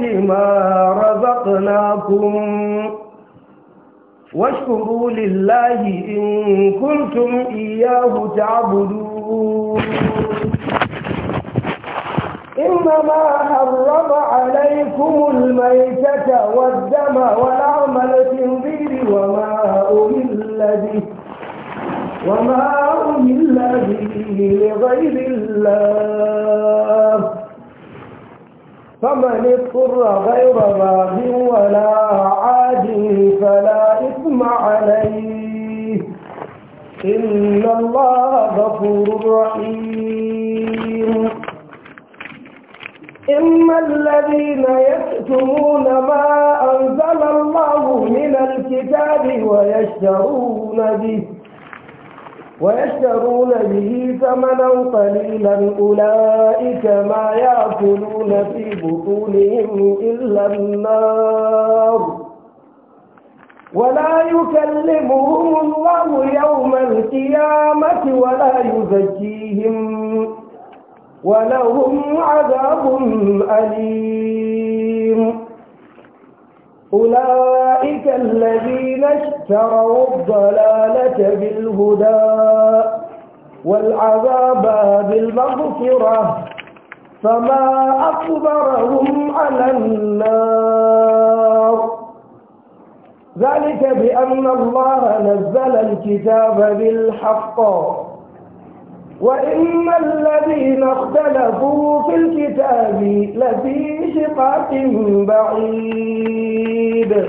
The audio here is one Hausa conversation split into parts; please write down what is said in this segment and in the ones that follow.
ما رزقناكم واشكروا لله إن كنتم إياه تعبدون إنما حرم عليكم الميتة والدم ولعم الخنزير وما أهل به وما أهل به لغير الله فمن اضطر غير باغ ولا عاد فلا إثم عليه إن الله غفور رحيم إما الذين يكتمون ما أنزل الله من الكتاب ويشترون به ويشترون به ثمنا قليلا أولئك ما يأكلون في بطونهم إلا النار ولا يكلمهم الله يوم القيامة ولا يزكيهم ولهم عذاب أليم أولئك أولئك الذين اشتروا الضلالة بالهدى والعذاب بالمغفرة فما أكبرهم على النار ذلك بأن الله نزل الكتاب بالحق وإن الذين اختلفوا في الكتاب لفي شقاق بعيد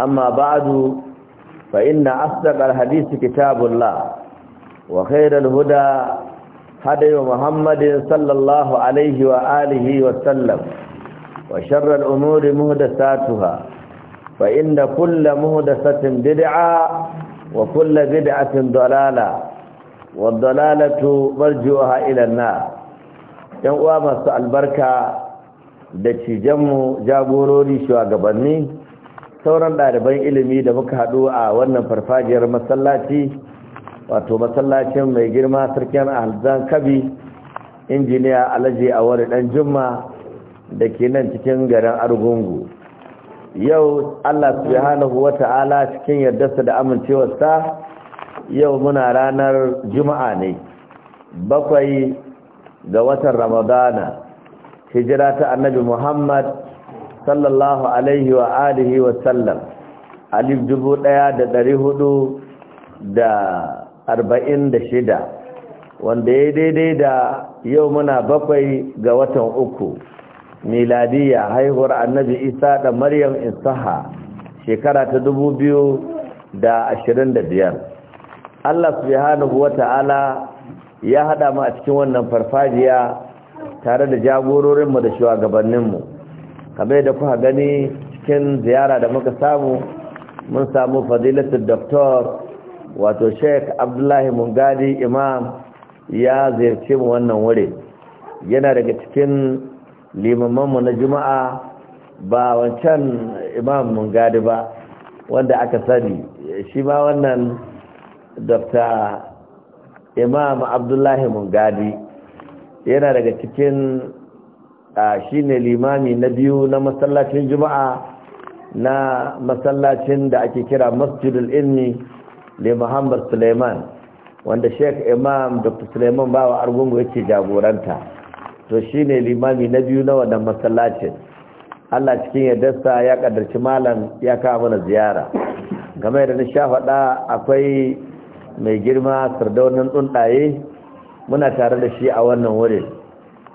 أما بعد فإن أصدق الحديث كتاب الله وخير الهدى هدي محمد صلى الله عليه وآله وسلم وشر الأمور مهدساتها فإن كل مهدسة بدعة وكل بدعة ضلالة والضلالة مرجوها إلى النار ينقوى مسأل البركة da cijanmu jagorori shugabanni sauran ɗaliban ilimi da muka haɗu a wannan farfajiyar masallaci wato masallacin mai girma sarkin alzan kabi injiniya alaji a wani ɗan juma da ke nan cikin garin argungu yau allah subhanahu wa ta'ala cikin yardarsa da amincewarsa yau muna ranar juma'a ne bakwai ga watan ramadana hijira ta annabi muhammad sallallahu alaihi wa alihi wa sallam alif dubu ɗaya da ɗari hudu da arba'in da shida wanda ya daidai da yau muna bakwai ga watan uku miladiya haihuwar annabi isa da maryam isaha shekara ta dubu biyu da ashirin da biyar allah subhanahu wa ta'ala ya haɗa mu a cikin wannan farfajiya tare da jagororinmu da shugabanninmu kamar da kuka gani cikin ziyara da muka samu mun samu fadilatul doktor wato sheik abdullahi mungadi imam ya ziyarce mu wannan wuri yana daga cikin limamanmu na juma'a ba wancan imam mungadi ba wanda aka sani shi ma wannan dr imam abdullahi mungadi yana daga cikin shi ne limami na biyu na masallacin juma'a na masallacin da ake kira masjidul ilmi le muhammad suleiman wanda sheik imam dr suleiman bawa argungu yake jagoranta to shi ne limami na biyu na wannan masallacin allah cikin yadda ya kadarci malam ya kawo mana ziyara game da na sha faɗa akwai mai girma sardaunin tsuntaye muna tare da shi a wannan wurin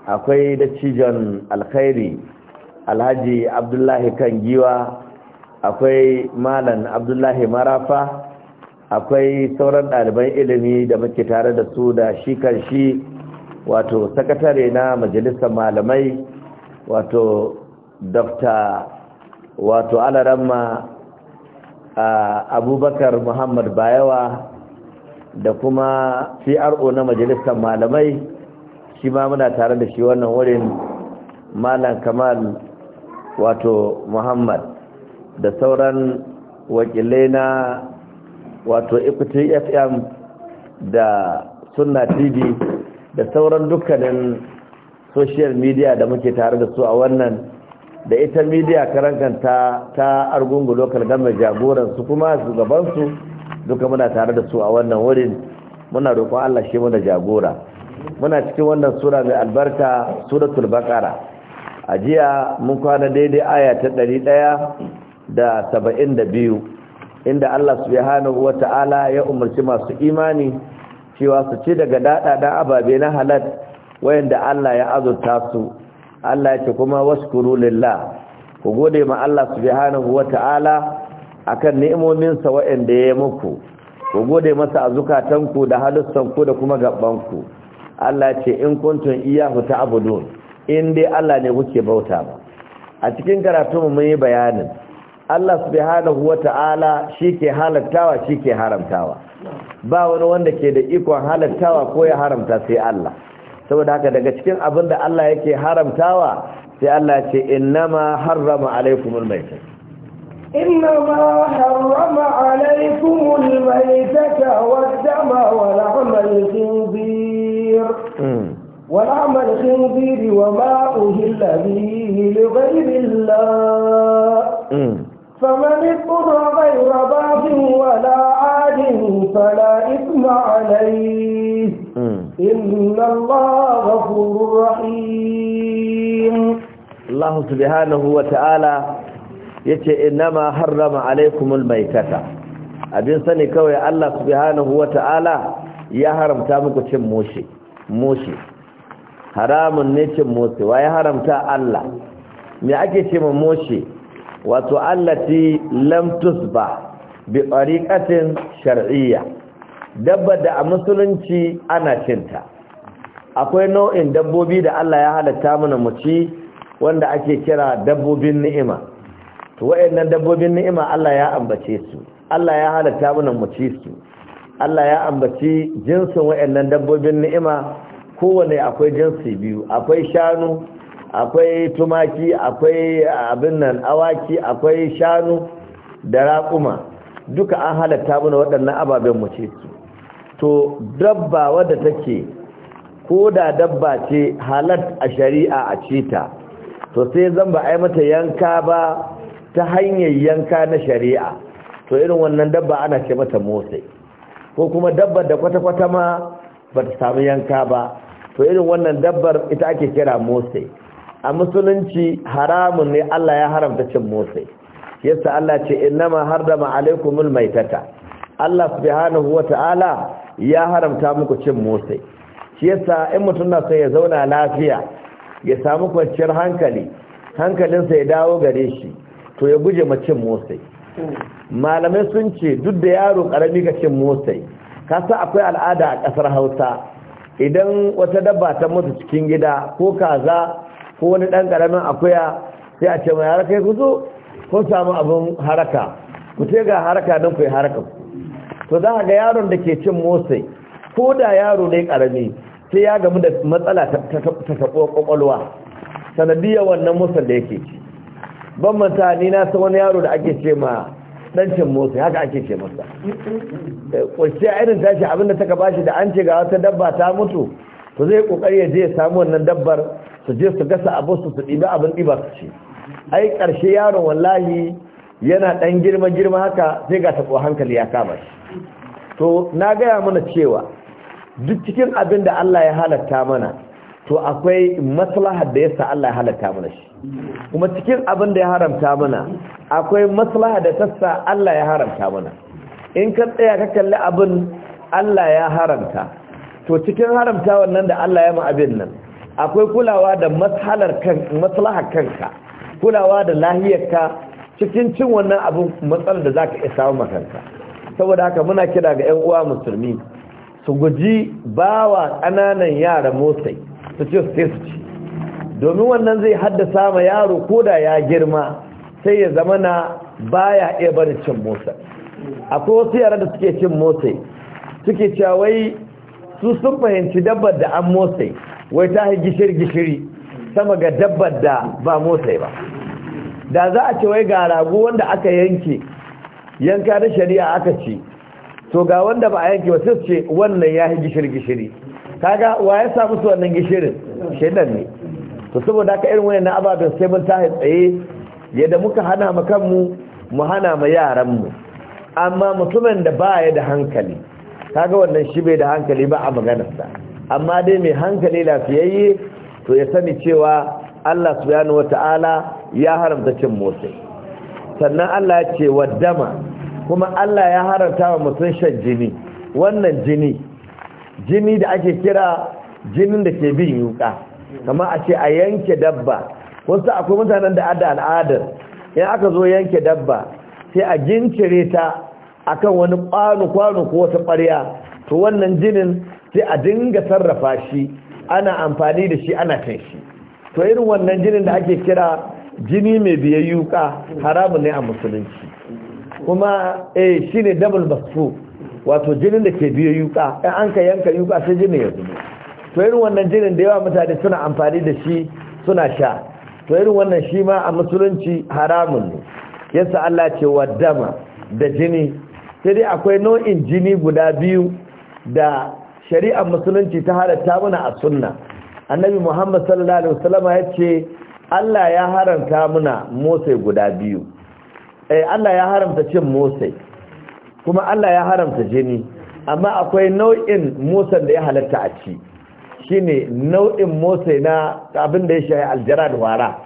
akwai dattijon alkhairi alhaji abdullahi kan giwa akwai malam abdullahi marafa akwai sauran ɗaliban ilimi da muke tare da su da shi kan shi wato sakatare na majalisar malamai wato dokta wato alaramma abubakar muhammad bayawa da kuma cro na majalisar malamai shi ma muna tare da shi wannan wurin malam kamal wato muhammad da sauran wakilai na wato ikuti fm da sunna tv da sauran dukkanin social media da muke tare da su a wannan da ita media karankanta ta argungu local jagoran jagoransu kuma shugabansu duka muna tare da su a wannan wurin muna roƙon allah shi muna jagora muna cikin wannan sura mai albarka suratul baqara a jiya mun kwana daidai aya ta 172 inda Allah subhanahu wata'ala ya umarci masu imani cewa su ci daga da ababe na halal wayanda Allah ya azurta su Allah ya ce kuma waskuru lillah ku gode ma Allah subhanahu wata'ala akan sa wayanda ya yi muku ku gode masa a zukatanku da halussanku da kuma ku Allah ce in kuntum iyahu ta'budun in dai Allah ne kuke bauta ba a cikin karatu mun yi bayanin Allah subhanahu wata'ala shike halattawa shike haramtawa ba wani wanda ke da ikon halattawa ko ya haramta sai Allah saboda haka daga cikin abin da Allah yake haramtawa sai Allah ce innama harrama alaikumul harrama إنما حرم wa dama wa ولحم khinzir Mm. ولعم الخنزير وما أهل به لغير الله mm. فمن اضطر غير باغ ولا عاد فلا إثم عليه mm. إن الله غفور رحيم الله سبحانه وتعالى yace innama harrama alaikumul maitata abin sani kawai Allah subhanahu ta'ala ya haramta muku cin mushe moshe haramun ne cin wa ya haramta Allah me ake ce ma moshe wato allati lam tusba bi tariqatin shar'iyya dabba da a musulunci ana cinta akwai nau'in dabbobi da Allah ya halatta mana mu ci wanda ake kira dabbobin ni'ima to wayannan dabbobin ni'ima Allah ya ambace su Allah ya halatta mana mu ci su Allah ya ambaci jinsin waɗannan dabbobin ni'ima kowane akwai jinsi biyu akwai shanu akwai tumaki akwai abin nan awaki akwai shanu da raƙuma duka an halatta mana waɗannan ababen mu ce su to dabba wadda take ko da dabba ce halat a shari'a a cita ta to sai zan ba ai mata yanka ba ta hanyar yanka na shari'a to irin wannan dabba ana ce mata motsai ko kuma dabbar da kwata-kwata ma ba ta samu yanka ba to irin wannan dabbar ita ake kira Mose, a musulunci haramun ne Allah ya haramta cin Mose, yasa Allah ce innama harrama mai tata Allah wa ta'ala ya haramta muku cin Mose, shi yasa in mutum na sai ya zauna lafiya ya samu kwanciyar hankali hankalinsa ya dawo gare shi to ya guje ma cin Mose. malamai sun ce duk da yaro karami cin ce motsai kasa akwai al'ada a kasar hausa idan wata dabba ta mutu cikin gida ko kaza ko wani dan karamin akuya sai a ce mai yara kai zo, ko samu abin haraka ku ce ga haraka don ku yi haraka to za ga yaron da ke cin motsai ko da yaro ne karami sai ya gamu da matsala ta taɓo kwakwalwa sanadiyar wannan motsar da yake ci ban manta ni na san wani yaro da ake ce ma dancin motsi haka ake ce masa eh, kwace irin tashi abinda ta gaba shi da an ce ga wata dabba ta mutu to zai kokari ya je ya samu wannan dabbar su je su gasa abu su su ɗiba abin ɗiba su ce ai ƙarshe yaron wallahi yana dan girma girma haka sai ga tabo hankali ya kama shi to na gaya mana cewa duk cikin abin da Allah ya halatta mana to akwai maslahar da yasa Allah ya halatta mana shi kuma cikin abin da ya haramta mana akwai maslaha da tassa Allah ya haramta mana in ka tsaya ka kalli abin Allah ya haramta to cikin haramta wannan da Allah ya ma abin nan akwai kulawa da maslahalar kan maslahar kanka kulawa da lahiyarka cikin cin wannan abin matsalar da za ka isa wa kanka saboda haka muna kira ga ƴan uwa musulmi su guji bawa ƙananan yara motsai su ce su ce. su ci domin wannan zai haddasa ma yaro koda ya girma sai ya zama na baya iya bari cin motsa akwai wasu yara da suke cin motsa suke cawai su sun fahimci dabbar da an motsa wai ta yi gishiri-gishiri sama ga dabbar da ba motsa ba da za a ce wai ga rago wanda aka yanke yanka da shari'a aka ci to ga wanda ba a yanke ba sai ce wannan ya yi gishiri-gishiri kaga wa ya samu su wannan gishirin shaidan ne to saboda haka irin wannan ababen sai mun tahi tsaye yadda muka hana ma kanmu mu hana ma yaran mu amma mutumin da ba ya da hankali kaga wannan shi bai da hankali ba a maganarsa amma dai mai hankali lafiyayye to ya sani cewa Allah subhanahu wata'ala ya haramta cin motsi sannan Allah ya ce waddama kuma Allah ya haramta wa mutum shan jini wannan jini jini da ake kira jinin da ke bin yuka kamar a ce a yanke dabba wasu akwai mutanen da ada al'adar in aka zo yanke dabba sai a gincire ta akan wani kwano-kwano ko wata ɓarya to wannan jinin sai a dinga sarrafa shi ana amfani da shi ana kan shi to irin wannan jinin da ake kira jini mai biyayyuka haramun ne a musulunci kuma eh shine double basfu wato jinin da ke biyayyuka in an ka yanka yuka sai jini ya zubo to irin wannan jinin da yawa mutane suna amfani da shi suna sha to irin wannan shi ma a musulunci haramun ne yasa Allah ce wa dama da jini sai dai akwai nau'in jini guda biyu da shari'ar musulunci ta halatta muna a sunna annabi muhammad sallallahu alaihi wasallam ya ce Allah ya haramta muna motsai guda biyu eh Allah ya haramta cin motsai kuma Allah ya haramta jini amma akwai nau'in motsan da ya halatta a ci shine nau'in motsai na abin da ya shaye aljara da wara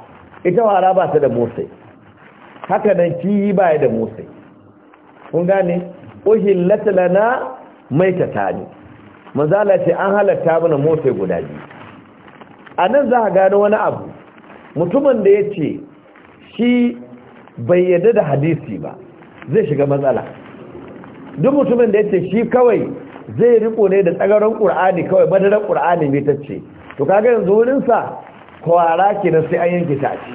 ita wara ba ta da motsai haka nan kiyi ba ya da motsai kun gane na mai ta tani manzala ce an halatta mana motsai guda biyu a nan za ka gano wani abu mutumin da ya ce shi bai yadda da hadisi ba zai shiga matsala duk mutumin da ya ce shi kawai zai riko ne da tsagaron ƙur'ani kawai madarar ƙur'ani mai tacce to kaga yanzu wurinsa kwara ke na sai an yanke ta ci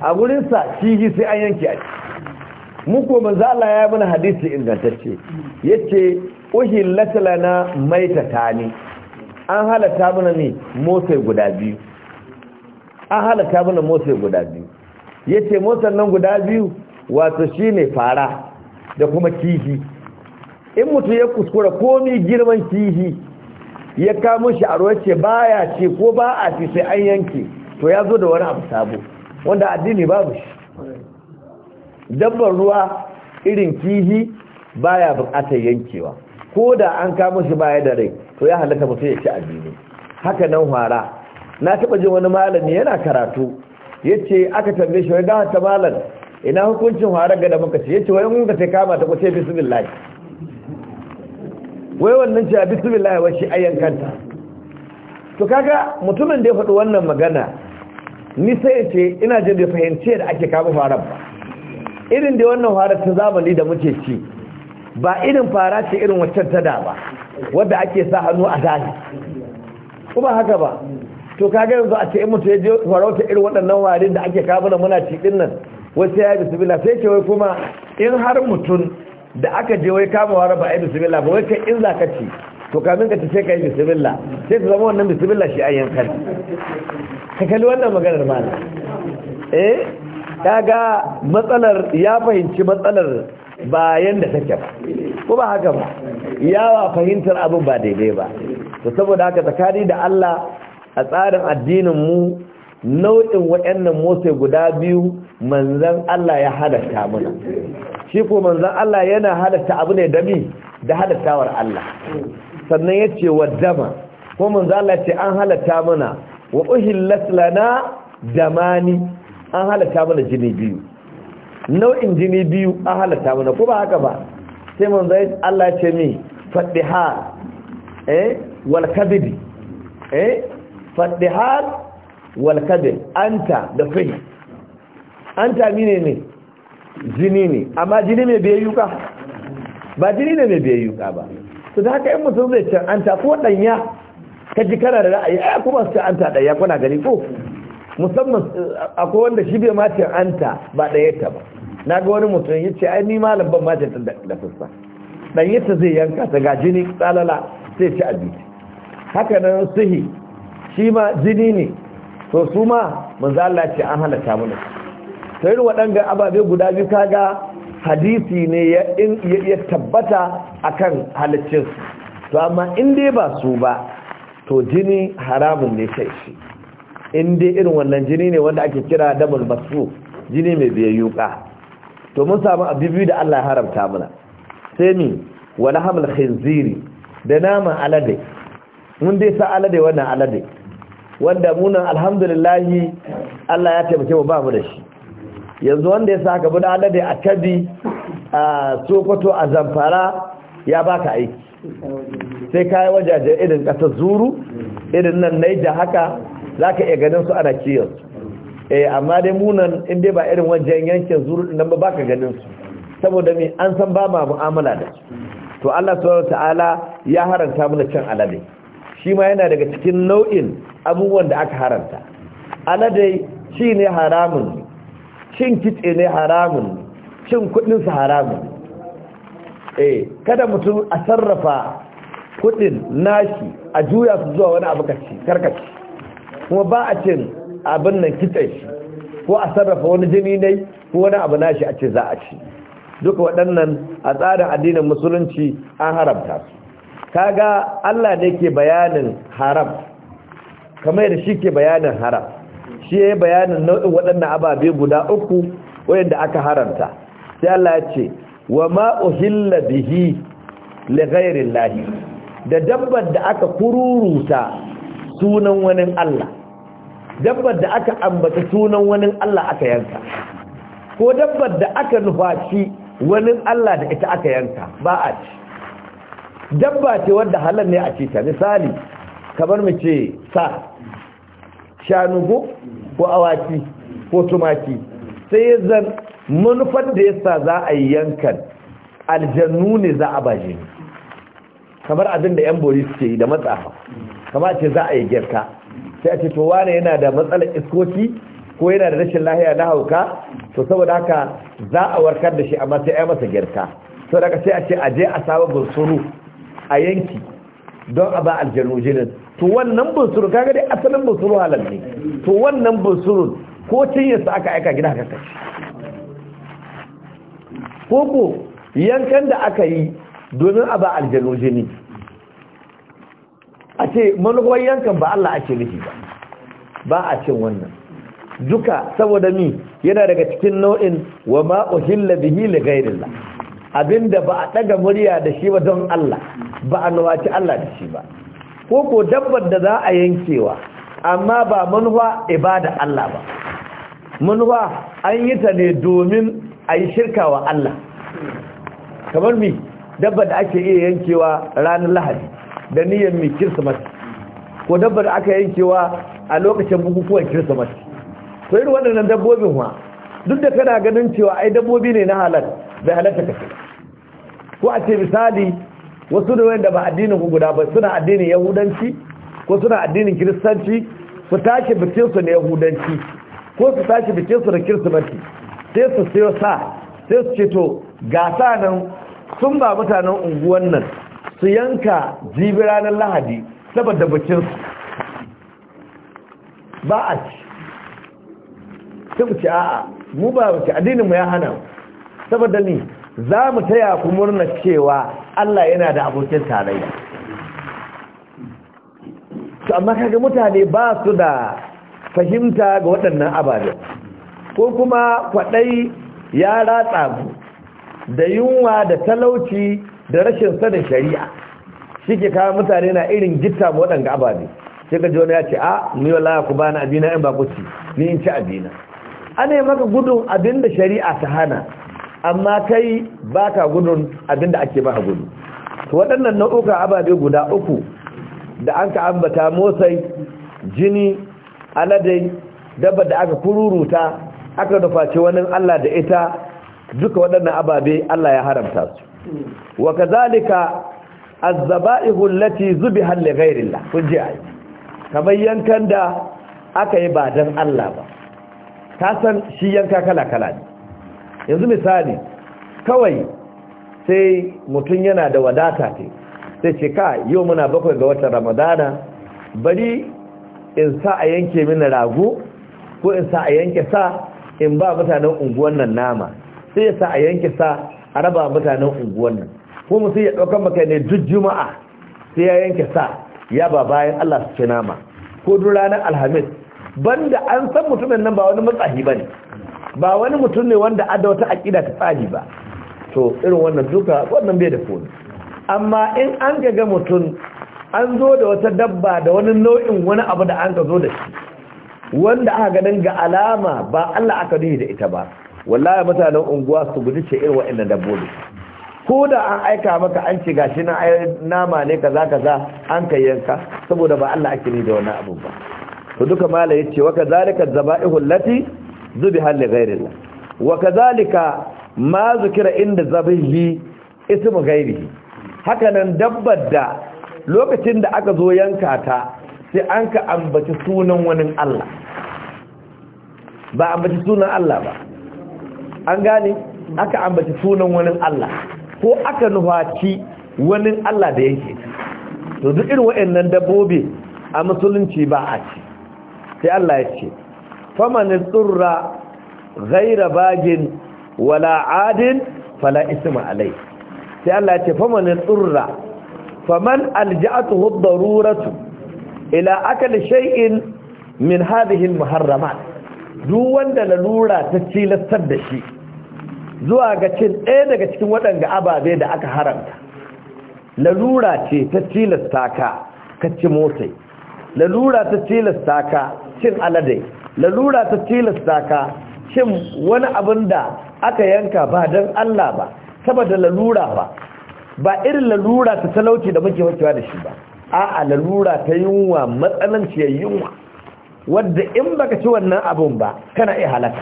a wurinsa cigi sai an yanke a ci Muku ko manzo Allah ya mana hadisi ingantacce yace uhillat lana maitatani an halatta mana ne motsa guda biyu an halatta mana motsa guda biyu yace motsan nan guda biyu wato shine fara da kuma kifi in mutum ya kuskura komi girman kihi ya kamun shi a ba ya ce ko ba a fi sai an yanke to ya zo da wani abu sabo wanda addini babu shi dabbar ruwa irin kihi baya bukatar yankewa ko da an kamun shi baya da rai to ya halatta mutum ya ci addini haka nan hwara na taba jin wani malami yana karatu ya ce aka tambaye shi wani ga malam ina hukuncin hwara ga da muka ce ya ce wani ga sai kama ta ko bismillah wai wannan ce a bismillah wa shi ayyan kanta to kaga mutumin da ya faɗi wannan magana ni sai ce ina jin da fahimci da ake kama fara ba irin da wannan fara ta zamani da muke ci ba irin fara ce irin wacce ta da ba wadda ake sa hannu a dani kuma haka ba to kaga yanzu a ce in mutu ya je farauta irin waɗannan warin da ake kama da muna ci ɗin nan wasu ya yi bismillah sai ce wai kuma in har mutum da aka je wai kamawa raba ayi bismillah ba wai kai in za ka ci to kamin ka ci sai ka yi bismillah sai ka zama wannan bismillah shi ayyan kan ka kalli wannan maganar mana eh kaga matsalar ya fahimci matsalar ba yanda take ba ko ba haka ba yawa fahimtar abin ba daidai ba to saboda haka tsakani da Allah a tsarin addinin mu nau'in waɗannan motsi guda biyu manzan Allah ya hadasta mana shi ko manzan Allah yana hadasta abu ne dami da halattawar Allah sannan ya ce wa dama ko manzan Allah ce an halatta mana wa uhillat lana damani an halatta mana jini biyu nau'in jini biyu an halatta mana ko ba haka ba sai manzan Allah ce mi fadihar eh wal kadib eh fadihar wal anta da fahim Anta mine ne jini ne amma jini mai biye yuka ba jini ne mai biye yuka ba to da haka yin mutum zai can anta ko danya ka ji kana da ra'ayi a kuma su anta danya kuna gani ko musamman eh, akwai wanda shi bai mace anta ba daya ta ba na ga wani mutum ya ce ai ni malam ban mace ta da fuska danya ta zai yanka ta ga jini tsalala sai ci abinci haka nan suhi shi ma jini ne to su ma manzo Allah ce an halatta mana sai irin ababe guda biyu kaga hadisi ne ya tabbata akan halittinsu to amma in ba su ba to jini haramun ne ta shi in irin wannan jini ne wanda ake kira damar masu jini mai biya yuka to mun samu abubuwa da Allah haramta mana sai wani hamil khinziri da nama alade mun dai sa alade wannan alade wanda munan alhamdulillahi Allah ya taimake mu ba mu da shi yanzu wanda ya saka buna alade a kabi a sokoto a zamfara ya baka aiki sai kayi wajajen irin kasar zuru irin nan na naija haka za ka iya ganin su ana kiyar eh amma dai munan inda ba irin wajen yankin zuru nan ba baka ganin su saboda mai an san ba ma mu'amala da su to Allah subhanahu ta'ala ya haranta mana cin alade shi ma yana daga cikin nau'in abubuwan da aka haranta alade shi ne haramun cin kitse ne haramun cin kudinsa haramun eh kada mutum a sarrafa kudin nashi a juya su zuwa wani abu kaci karkaci kuma ba a cin abin nan kitse shi ko a sarrafa wani jini ne ko wani abu nashi a ce za a ci duka waɗannan a tsarin addinin musulunci an haramta su kaga Allah ne ke bayanin haram kamar da shi ke bayanin haram shi ya yi bayanin nau'in waɗannan ababe guda uku wayanda aka haramta sai Allah ya ce wa ma uhilla bihi li da dabbar da aka kururuta sunan wani Allah dabbar da aka ambata sunan wani Allah aka yanka ko dabbar da aka nufaci wani Allah da ita aka yanka ba a ci dabba ce wanda halal ne a ci ta misali kamar mu ce sa shanugo ko awaki ko tumaki sai zan manufar da ya sa za a yi yankan aljannu ne za a baje kamar abin da yan bori suke yi da matsafa kamar ce za a yi girka sai a ce to wane yana da matsalar iskoki ko yana da rashin lahiya na hauka to saboda haka za a warkar da shi amma sai a masa girka saboda haka sai a ce a je a saba bursuru a yanki don a ba aljanu jinin to wannan bunsuru kaga dai asalin bunsuru halal ne to wannan bunsurun ko su aka aika gida haka kashi koko yankan da aka yi domin a ba aljanu jini a ce manuwar yankan ba Allah ake nufi ba ba a cin wannan duka saboda mi yana daga cikin nau'in wa ma uhilla bihi li abinda ba a daga murya da shi ba don Allah ba a nawaci Allah da shi ba ko ko dabbar da za a yankewa amma ba manuwa ibada Allah ba manuwa an yi ta ne domin a yi shirka wa Allah kamar mi dabba da ake iya yankewa ranar lahadi da niyyar mi kirsimati ko dabba da aka yankewa a lokacin bukukuwan kirsimati to irin waɗannan dabbobin wa duk da kana ganin cewa ai dabbobi ne na halar bai halarta kake. ko a ce misali wasu da wanda ba addinin guda ba suna addinin yahudanci ko suna addinin kiristanci su tashi bikin su ne yahudanci ko su tashi bikin su da kiristanci sai su sayo sa sai su ce to ga sa nan sun ba mutanen unguwan nan su yanka jibi ranar lahadi saboda bikin su ba a ci sai mu ce a'a mu ba mu ci addinin mu ya hana saboda ni za mu taya ku murna cewa Allah yana da abokin tarayya to amma kaga mutane ba su da fahimta ga waɗannan ababen ko kuma kwaɗai ya ratsa mu da yunwa da talauci da rashin sanin shari'a shi ke kawo mutane na irin gitta ma waɗanga ababe sai ka jona ya ce a ah, ni wala ku bani abina yan ba ku ci ni in ci abina ana yi maka gudun abin da shari'a ta hana amma kai ba ka gudun abinda ake ba gudu waɗannan nau'uka ababe guda uku da an ka ambata motsai jini aladai dabba da aka kururuta aka nufaci wani Allah da ita duka waɗannan ababe Allah ya haramta su wa ka kazalika zubi halle gairila kun ji a yi. kamar yankan da aka yi ba dan Allah ba ka san shi yanka kala kala ne yanzu misali kawai sai mutum yana da wadata ce sai ce ka yau muna bakwai ga watan ramadana bari in sa a yanke mini rago ko in sa a yanke sa in ba mutanen unguwan nan nama sai ya sa a yanke sa a raba mutanen unguwan nan ko mutum ya ɗaukar maka ne duk juma'a sai ya yanke sa ya ba bayan allah su ce nama ko duk ranar alhamis banda an san mutumin nan ba wani matsahi ba ne ba wani mutum ne wanda adda wata aƙida ta tsari ba to irin wannan duka wannan bai da komi amma in an ga mutum an zo da wata dabba da wani nau'in wani abu da an ka zo da shi wanda aka ganin ga alama ba Allah aka duhi da ita ba wallahi mutanen unguwa su guji ce irin wa'annan dabbobi ko da an aika maka an ce gashi na nama ne kaza kaza an kai yanka saboda ba Allah ake ni da wani abu ba to duka mala yace wa kadhalika zaba'ihul lati zubi halli ghairillah wa zalika ma zikira inda zabihi isi mu gairi hakanan dabbar da lokacin da aka zo yanka ta sai an ka ambaci sunan wani Allah ba ambaci sunan Allah ba an gane aka ambaci sunan wani Allah ko aka nufaci wani Allah da yake to duk irin waɗannan dabbobi a musulunci ba a ce sai Allah ya ce faman tsurra zaira bagin wala adin fala isma alai sai Allah ya ce faman tsurra faman alja'atuhu daruratu ila akal shay'in min hadhihi almuharramat duk wanda lalura ta tilastar da shi zuwa ga cin ɗaya daga cikin waɗanda ababe da aka haramta lalura ce ta tilasta ka ka ci motsai lalura ta tilasta ka cin aladai lalura ta tilasta ka cin wani abin da aka yanka ba don Allah ba saboda lalura ba ba irin lalura ta talauci da muke wakewa da shi ba a'a lalura ta yunwa matsananciyar yunwa wadda in baka ci wannan abin ba kana iya halaka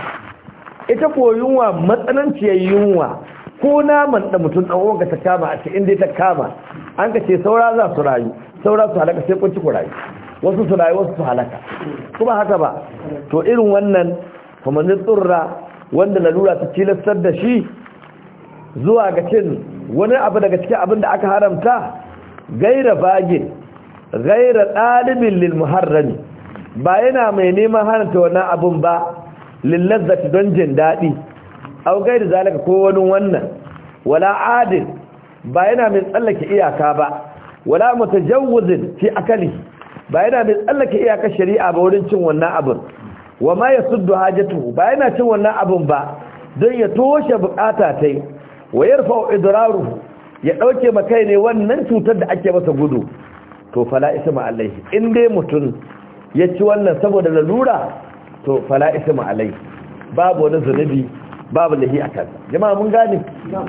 ita ko yunwa matsananciyar yunwa ko naman da mutum dan ta kama a ce dai ta kama an ka ce saura za su rayu saura su halaka sai kun ci ku rayu wasu su rayu wasu su halaka kuma haka ba to irin wannan famannin tsurra wanda lura ta tilastar da shi zuwa ga cin wani abu daga cikin abin da aka haramta gaira bagin gaira ɗalibin lil muharrami ba yana mai neman haramta wannan abun ba lillazzati don jin daɗi au gaira zalika ko wani wannan wala adil ba yana mai tsallake iyaka ba wala mutajawwizin fi akali ba yana mai tsallake iyakar shari'a ba wurin cin wannan abin wa ma ya suddu hajatuhu ba yana cin wannan abin ba don ya toshe bukata ta yi wa ya rufa idraru ya ɗauke makai ne wannan cutar da ake masa gudu to fala isa ma'alai in dai mutum ya ci wannan saboda lalura to fala isa ma'alai babu wani zunubi babu lahi a kansa jama'a mun gane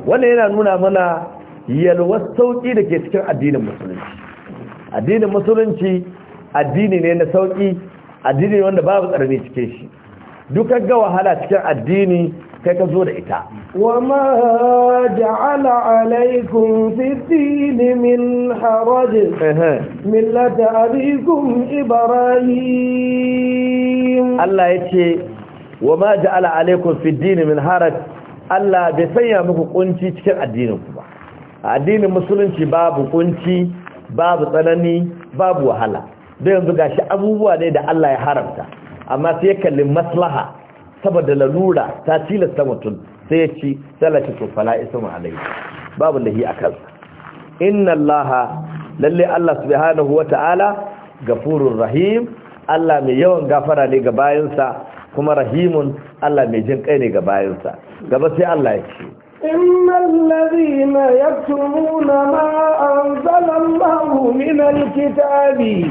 wannan yana nuna mana yalwar sauki da ke cikin addinin musulunci addinin musulunci addini ne na sauki addini wanda babu tsarni cike shi dukkan ga wahala cikin addini kai ka zo da ita Wa ma ja'ala alaykum fi din min haraj millata abikum ibrahim Allah yace ma ja'ala alaikum fi din min haraj Allah bai sanya muku kunci cikin addinin ku ba addinin musulunci babu kunci babu tsanani babu wahala da yanzu gashi abubuwa ne da Allah ya haramta amma sai ya kalli maslaha saboda lalura ta tilasta mutum sai ya ci salati to fala alayhi babu lahi akal inna allaha lalle Allah subhanahu wataala gafurur rahim Allah mai yawan gafara ne ga bayansa kuma rahimun Allah mai jin kai ne ga bayansa gaba sai Allah ya ce إن الذين يكتمون ما أنزل الله من الكتاب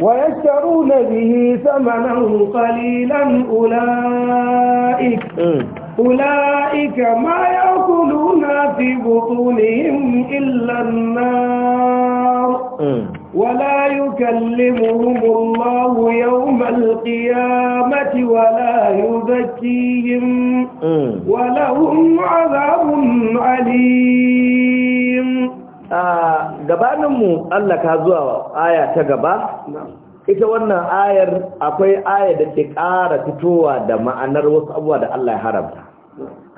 ويشترون به ثمنا قليلا أولئك أولئك ما يأكلون في بطونهم إلا النار ولا يكلمهم الله يوم القيامة ولا يذكيهم ولهم عذاب عليم gabaninmu Allah ka zuwa aya ta gaba ita wannan ayar akwai aya da ke ƙara fitowa da ma'anar wasu abubuwa da Allah ya haramta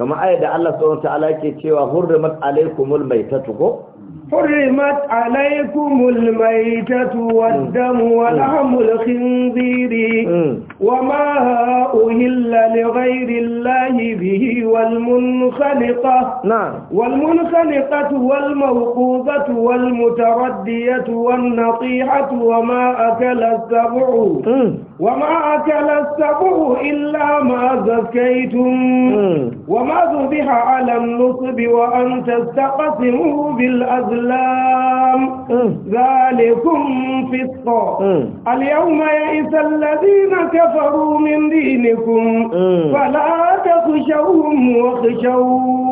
kama aya da Allah subhanahu wa ta'ala yake cewa hurrimat alaykumul ta ko حرمت عليكم الميتة والدم ولحم الخنزير وما أهل لغير الله به والمنخلقة نعم والمنخلقة والموقوبة والمتردية والنطيحة وما أكل السبع وما أكل السبع إلا ما زكيتم وما ذبح على النصب وأن تستقسموا بالأزلام ذلكم فسق اليوم يئس الذين كفروا من دينكم فلا تخشوهم واخشون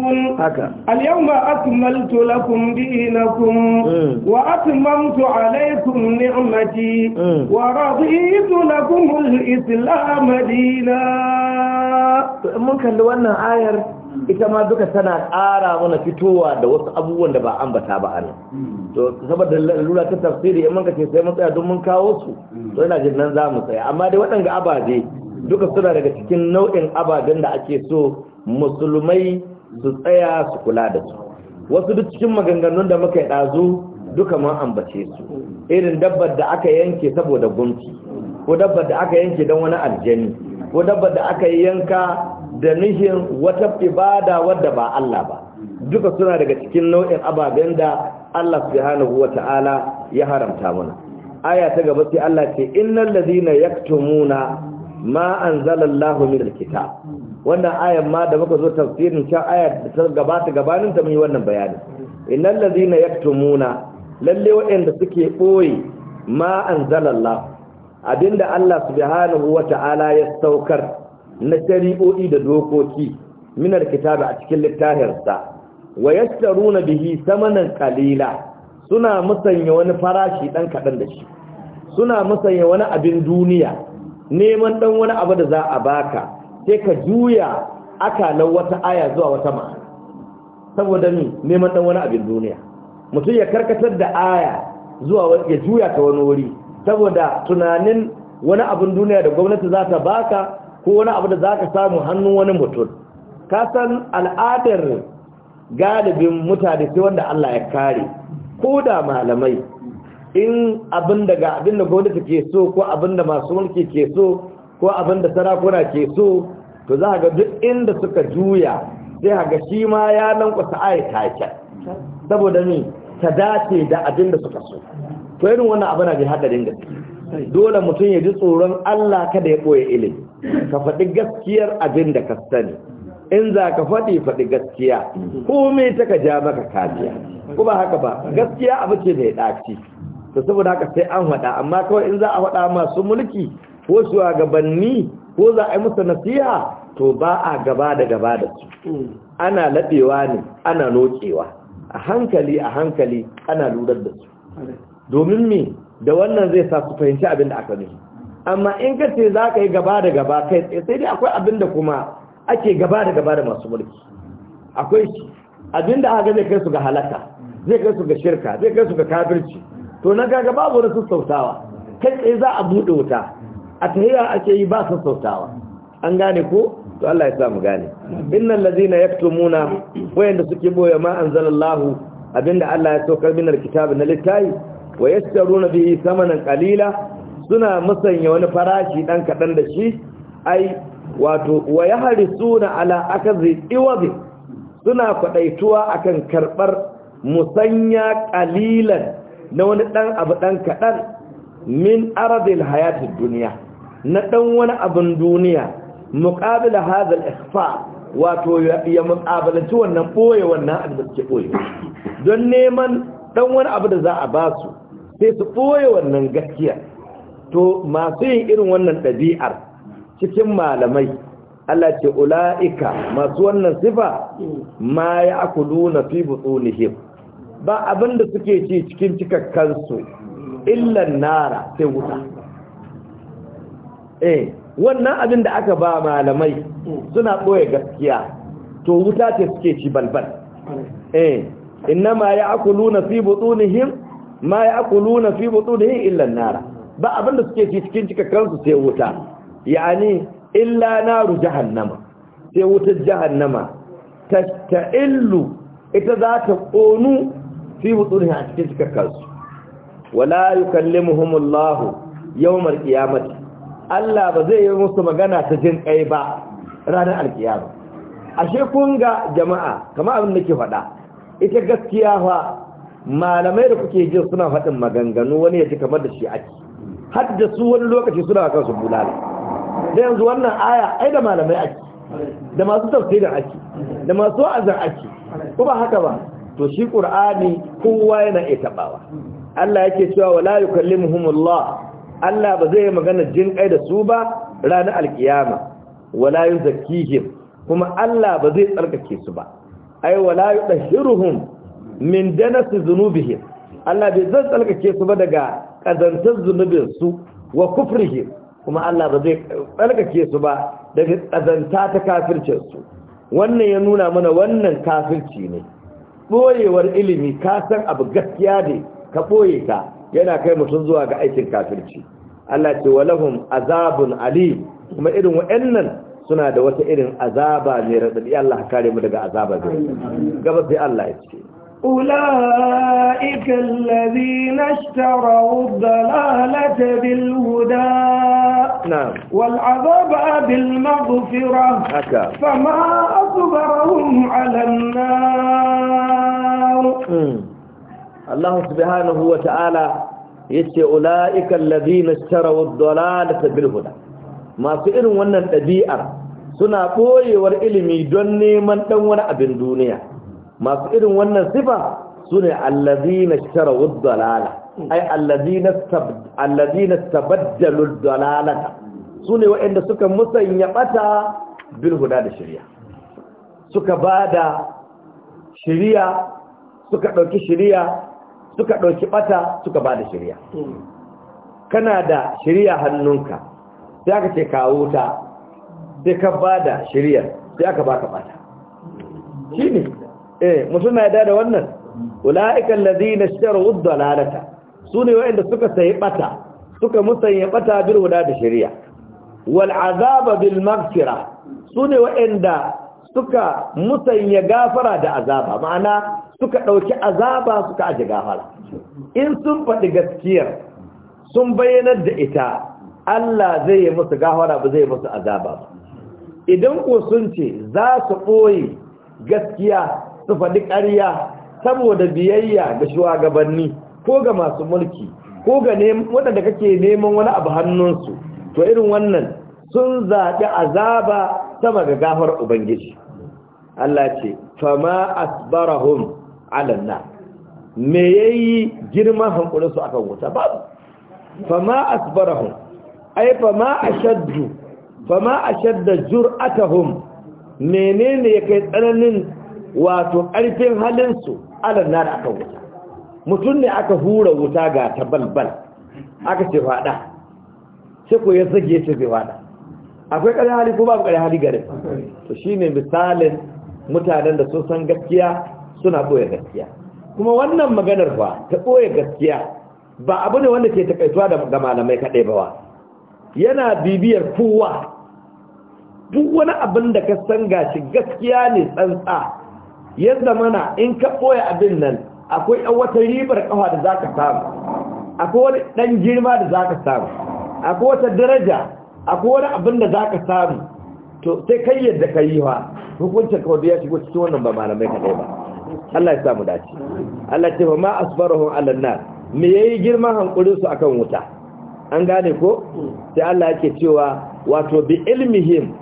اليوم أكملت لكم دينكم وأتممت عليكم نعمتي ورضيت لكم lakum islam dina mun kalli wannan ayar ita ma duka tana ƙara mana fitowa da wasu abubuwan da ba ambata ba anan to saboda lura ta tafsiri in ka ce sai mun tsaya don mun kawo su to ina jin nan za mu tsaya amma dai waɗanga abaje duka suna daga cikin nau'in ababen da ake so musulmai su tsaya su kula da su wasu duk cikin maganganun da muka yi ɗazu duka ma ambace su irin dabbar da aka yanke saboda gunki ko dabbar da aka yanke don wani aljani ko dabbar da aka yanka da nihin wata ibada wadda ba Allah ba duka suna daga cikin nau'in ababen da Allah subhanahu wata'ala ya haramta mana aya ta gaba sai Allah ce innal ladina yaktumuna ma anzalallahu min alkitab wannan ayar ma da muka zo tafsirin ta aya da ta gabata gabanin ta mun yi wannan bayani innal ladina yaktumuna lalle waɗanda suke boye ma anzalallahu abinda Allah subhanahu wata'ala ya saukar na shari'o'i da dokoki minar kitaba a cikin littafinsa wa yashtaruna bihi samanan qalila suna musanya wani farashi dan kadan da shi suna musanya wani abin duniya neman dan wani abu da za a baka sai ka juya akalan wata aya zuwa wata ma'ana saboda ni neman dan wani abin duniya mutum ya karkatar da aya zuwa ya juya ta wani wuri saboda tunanin wani abin duniya da gwamnati za ta baka ko wani abu da za ka samu hannun wani mutum ka san al'adar galibin mutane sai wanda Allah ya kare ko da malamai in abin daga abin da gwamnati ke so ko abin da masu mulki ke so ko abin da sarakuna ke so to za ga duk inda suka juya sai ga shi ma ya lankwasa ayata saboda ni ta dace da abin da suka so to irin wannan abu na bi hadarin gaske dole mutum ya ji tsoron Allah kada ya koya ilimi ka faɗi gaskiyar abin da ka sani in za ka faɗi faɗi gaskiya komai ta ka ja maka kariya ko ba haka ba gaskiya abu ce mai ɗaci to saboda haka sai an faɗa amma kawai in za a faɗa masu mulki ko shugabanni ko za a yi musu nasiha to ba a gaba da gaba da su ana laɓewa ne ana nokewa a hankali a hankali ana lura da su domin me da wannan zai sa ku fahimci abin da aka nufi amma in ka ce za ka yi gaba da gaba kai tsaye sai dai akwai abin da kuma ake gaba da gaba da masu mulki akwai shi abin da aka zai kai su ga halaka zai kai su ga shirka zai kai su ga kafirci to na kaga babu wani sassautawa kai tsaye za a buɗe wuta a tahiyar ake yi ba sassautawa an gane ko to Allah ya sa mu gane innal ladina yaktumuna wayanda suke boye ma anzalallahu abinda Allah ya saukar min alkitabi na littafi wayastaruna bihi samanan qalila suna musanya wani farashi dan kadan da shi ai wato wayahrisuna ala akazi iwabi suna kwadaituwa akan karbar musanya qalilan na wani dan abu dan kadan min aradil hayatid dunya na dan wani abun duniya muqabila hadha al wato ya muqabalanci wannan boye wannan abin da suke boye don neman ɗan wani abu da za a ba su sai su boye wannan gaskiya to masu yin irin wannan ɗabi'ar cikin malamai Allah ce ula'ika masu wannan sifa ma ya fi butunihim ba abinda suke ci cikin cikakkansu illan nara sai wuta wannan abin da aka ba malamai suna ɓoye gaskiya to wuta ce suke ci balbal eh inna ma ya akulu na fi butunihim ma ya akulu na fi butunihim illan nara ba abin da suke ci cikin cikakkansu sai wuta Ya'ani illa naru jahannama sai wutar jahannama Ta illu ita za ta ƙonu fi butunihim a cikin cikakkansu. wala yukallimuhumullahu yawmar qiyamati Allah ba zai yi musu magana ta jin kai ba ranar alkiyama ashe kun ga jama'a kama abin da ke faɗa ita gaskiya fa malamai da kuke jin suna faɗin maganganu wani ya ci kamar da shi ake har da su wani lokaci suna kansu bulala da yanzu wannan aya ai da malamai ake da masu tafsirin ake da masu wa'azin ake ko ba haka ba to shi qur'ani kowa yana iya taɓawa Allah yake cewa wala yukallimuhumullah Allah ba zai magana jin kai da su ba ranar alkiyama wala yuzakkihim kuma Allah ba zai tsarkake su ba ai wala yudahhiruhum min danas dhunubihim Allah bai zai tsarkake su ba daga kazantar zunubin su wa kufrihim kuma Allah ba zai tsarkake su ba daga kazanta ta kafircin su wannan ya nuna mana wannan kafirci ne boyewar ilimi ka san abu gaskiya ne ka boye ka yana kai mutum zuwa ga aikin kafirci Allah ce walahum azabun ali kuma irin wa'annan suna da wata irin azaba ne radadi Allah kare mu daga azaba zai gaba sai Allah ya ce أولئك الذين اشتروا الضلالة بالهدى نعم والعذاب بالمغفرة أكا. فما أصبرهم على النار م. Allah subhanahu wa ta'ala yace ula'ikan alladhina ishtaraw ad-dalalata bil huda masu irin wannan ɗabi'ar suna ɓoyewar ilimi don neman ɗan wani abin duniya masu irin wannan sifa sune alladhina ishtaraw ad-dalala ay alladhina alladhina tabaddalu ad-dalalata sune waɗanda suka musanya ɓata bil huda da shari'a suka bada shari'a suka ɗauki shari'a suka ɗauki ɓata suka ba da shirya kana da shirya hannunka sai aka ce kawo ta sai ka ba da shirya sai aka ba ka ɓata shi ne eh mutum ya yada da wannan ula'ikan lazina shirar wudda lalata su ne wa'inda suka sayi ɓata suka musanya ɓata bil huda da shirya wal azaba bil magfira su ne wa'inda suka musanya gafara da azaba ma'ana suka ɗauki azaba suka aje gafara in sun faɗi gaskiyar sun bayyanar da ita Allah zai yi musu gafara ba zai musu azaba ba idan ku sun ce za su ɓoye gaskiya su faɗi ƙarya saboda biyayya ga shugabanni ko ga masu mulki ko ga waɗanda kake neman wani abu hannunsu to irin wannan sun zaɓi azaba sama ga gafar ubangiji Allah ce fama asbarahum ala nar me yayi girman hankulin su akan wuta babu fama asbarahum ai fama ashaddu fama ashadda jur'atuhum menene ya kai tsananin wato ƙarfin halin su ala nar akan wuta mutum ne aka hura wuta ga ta balbal aka ce fada sai ko ya zage ya ce bai fada akwai ƙarfin hali ko babu ƙarfin hali gare to shine misalin mutanen da sun san gaskiya suna boye gaskiya kuma wannan maganar ba ta boye gaskiya ba abu ne wanda ke takaituwa da malamai kaɗai ba wa yana bibiyar kowa duk wani abin da ka san gashi gaskiya ne tsantsa yadda mana in ka boye abin nan akwai ɗan wata ribar kafa da za ka samu akwai wani ɗan girma da za ka samu akwai wata daraja akwai wani abin da za ka samu to sai kai yadda ka yi wa hukuncin kawai ya shigo cikin wannan ba malamai kaɗai ba Allah ya samu dace Allah ce ba ma asbarahu alan nar me yayi girman hankurin su akan wuta an gane ko sai Allah yake cewa wato bi ilmihim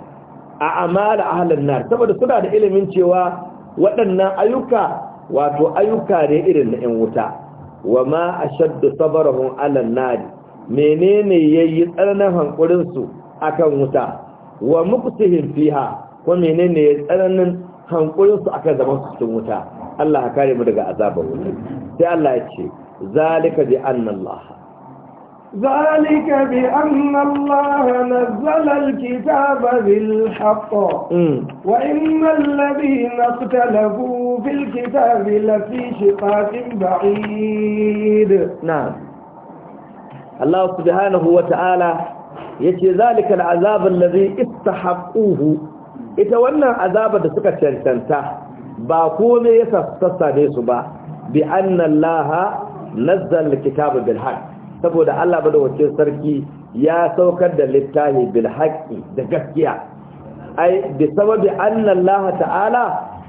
a amal ahlan nar saboda suna da ilimin cewa waɗannan ayyuka wato ayyuka ne irin na 'yan wuta wa ma ashaddu sabarahum alan nar menene yayi tsananin hankurin su akan wuta wa muqtihim fiha ko menene ya tsananin hankulinsu akan zaman su cikin wuta Allah ya kare mu daga azabar wuta sai Allah ya ce zalika bi anna Allah zalika bi anna Allah nazzala al-kitaba bil haqq hmm. wa inna alladhina ikhtalafu fil kitabi la fi shiqaqin ba'id na'am Allah subhanahu wa ta'ala yace zalikal azab allazi istahaquhu ita wannan azaba da suka cancanta ba kome ya sassa ne su ba bi annallaha allaha nazzal alkitaba bil saboda Allah madawacin sarki ya saukar da littafi bil da gaskiya ai bi sababi annallaha ta'ala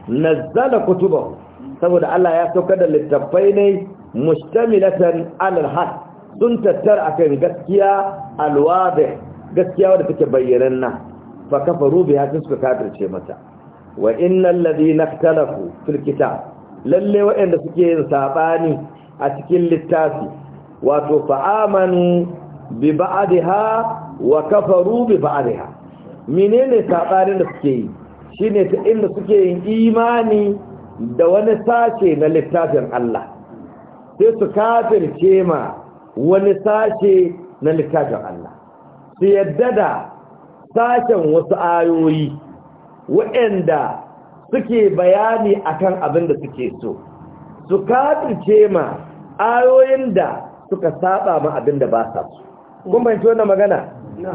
nazzala kutubahu saboda Allah ya saukar da littafai ne mustamilatan alal sun tattara akan gaskiya alwabe gaskiya wadda take bayyanan nan fa kafaru biha suka kafirce mata wa innal ladina ikhtalafu fil kitab lalle wa'anda suke yin sabani a cikin littafi wato fa amanu bi ba'daha wa kafaru bi ba'daha menene sabanin da suke yi shine ta inda suke yin imani da wani sace na littafin Allah sai su kafirce ma wani sashe na littafin Allah su yadda da sashen wasu ayoyi waɗanda suke bayani akan abin da suke so su kafirce ma ayoyin da suka saba ma abin da ba sa su kun wannan magana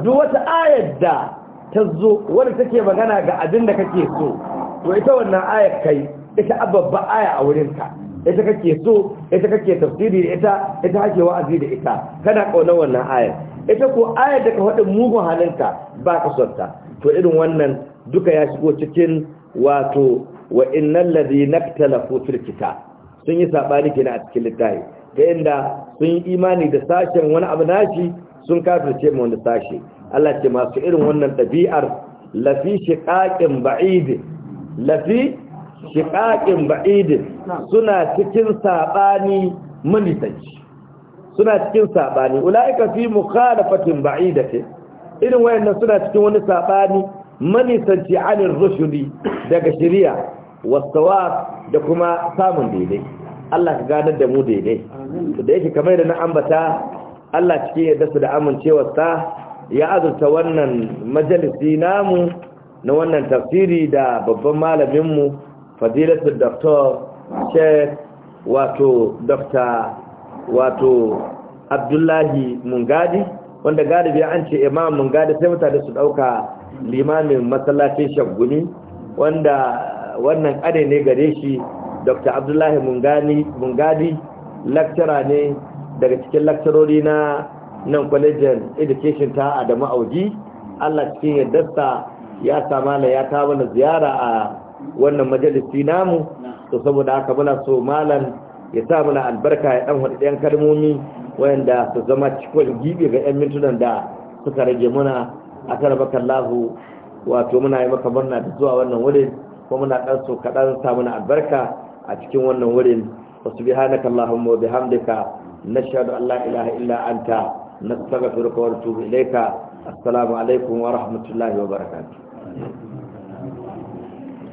duk wata ayar da ta zo wadda take magana ga abin da kake so to ita wannan ayar kai ita ababba aya a wurinka ita kake so ita kake tafsiri da ita ita kake wa'azi da ita kana kaunar wannan ayar ita ko ayar da ka faɗi mugun halinka ba ka sonta to irin wannan duka ya shigo cikin wato wa innal ladina ikhtalafu fil kitab sun yi sabani kenan a cikin littafi ta inda sun yi imani da sashen wani abu nashi sun kafirce mu wani sashe Allah ce masu irin wannan dabi'ar lafi shiqaqin ba'id lafi shiƙaƙin ba'idin suna cikin saɓani manisanci suna cikin saɓani ula'ika fi mukhalafatin ba'idatin irin wayannan suna cikin wani saɓani manisanci anin rushudi daga shari'a wasawa da kuma samun daidai Allah ka ganar da mu daidai da yake kamar da na ambata Allah cike ya su da sa ya azurta wannan majalisi namu na wannan tafsiri da babban malamin mu. fadilatul doktor sheikh wato dr wato abdullahi mungadi wanda galibi an ce imam mungadi sai mutane su dauka limamin masallacin shaguni wanda wannan kare ne gare shi dr abdullahi mungani mungadi lecturer ne daga cikin lecturori na nan kwalejin education ta adamu auji allah cikin yadda ya samana ya ta mana ziyara a wannan majalisi namu to saboda haka muna so malam ya sa muna albarka ya dan hudu ɗayan kalmomi wayanda su zama cikin gibe ga yan mintunan da suka rage muna a tare baka lahu wato muna yi maka murna da zuwa wannan wurin ko muna dan so kaɗan sa muna albarka a cikin wannan wurin wa subhanaka allahumma wa bihamdika nashhadu an la ilaha illa anta nastaghfiruka wa natubu ilayka assalamu alaikum wa rahmatullahi wa barakatuh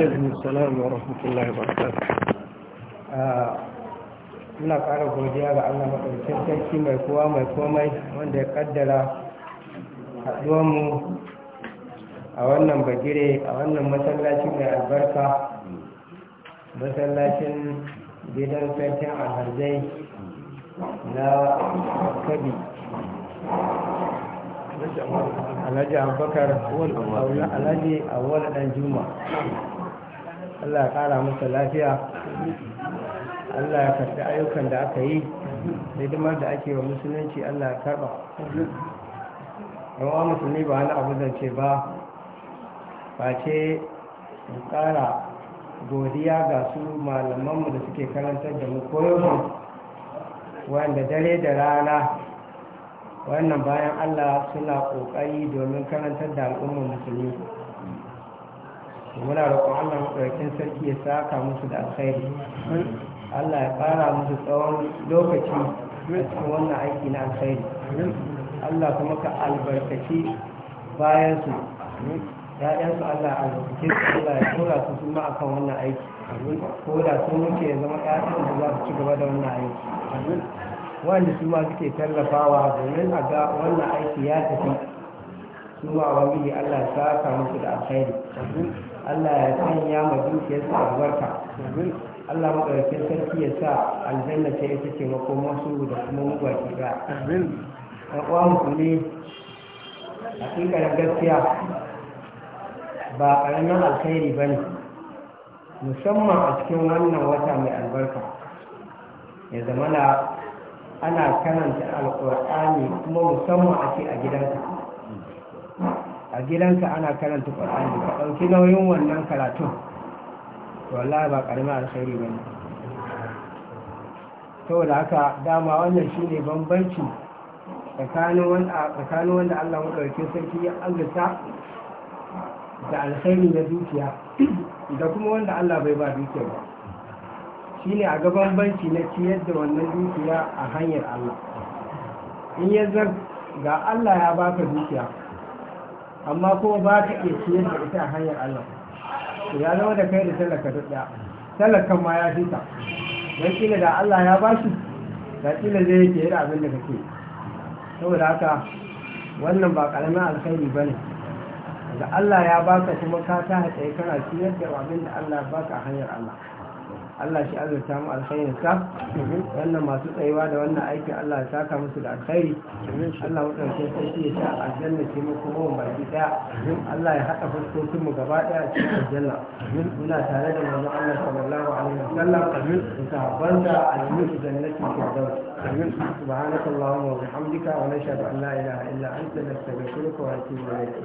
alaikum salam wa rahmatullahi wa barakatuh ah, muna ƙara godiya ga allah madaukakin sarki mai kowa mai komai wanda ya kaddara ƙaddara mu a wannan bagire a wannan masallacin mai albarka masallacin gidan sarkin alharzai na kabi alhaji abubakar alhaji awal dan juma Allah ya kara masa lafiya Allah ya karɓi ayyukan da aka yi hidimar da ake wa musulunci Allah ya karɓa yawan musulmi ba wani abu zance ba ce mu ƙara godiya ga su malamanmu da suke karantar da mu koyo wanda dare da rana wannan bayan Allah suna ƙoƙari domin karantar da al'ummar musulmi muna roƙon Allah maɗaukin sarki ya saka musu da alkhairi Allah ya ƙara musu tsawon lokaci a cikin wannan aiki na alkhairi Allah kuma ka albarkaci bayan su ‘ya'yansu Allah a Allah ya tura su su ma akan wannan aiki ko da sun muke ya zama ‘ya'yan da za su ci gaba da wannan aiki wanda su ma suke tallafawa domin a ga wannan aiki ya tafi su ma wani Allah ya saka musu da alkhairi Allah ya sanya ma dukiyarsa albarka Allah madaukakin sarki ya sa aljanna ce ita ce makomar su da kuma mugwaki ba amin musulmi a cikin gaskiya ba karamin alkhairi ba ne. musamman a cikin wannan wata mai albarka ya zama na ana karanta alkur'ani kuma musamman a ce a gidanka a gidanka ana karanta ƙwararri ka ɗauki nauyin wannan karatun wallahi ba ƙaramin alkhairi ba ne da haka dama wannan shi ne bambanci tsakanin wanda allah maɗauki sarki ya azuta da alkhairi na dukiya da kuma wanda allah bai ba dukiya ba shi ne a ga bambanci na ciyar da wannan dukiya a hanyar allah in yanzu ga allah ya baka dukiya amma kuma ba ka iya siyar da ita a hanyar Allah ya zama da kai da tallaka ta ɗaya tallakan ma ya fi ta don kila da Allah ya bashi da kila zai yake da abin da kake saboda haka wannan ba ƙaramin alkhairi ba ne da Allah ya baka kuma ka ta haɗe kana siyar da abin da Allah baka a hanyar Allah Allah shi azurta mu alkhairin sa wannan masu tsayuwa da wannan aikin Allah ya saka musu da alkhairi Allah madaukakin shi ya sa aljanna ce mu kuma mu baki daya Allah ya haɗa fuskokin mu gaba daya a cikin aljanna muna tare da manzon Allah sallallahu alaihi wasallam amin da sahabban da aljanna jannati firdaus amin subhanakallahumma wa bihamdika wa nashhadu an la ilaha illa anta nastaghfiruka wa natubu ilayk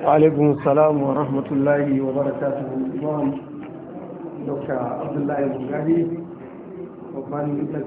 wa alaikum assalam wa rahmatullahi wa barakatuh dr abdullahi bugari babban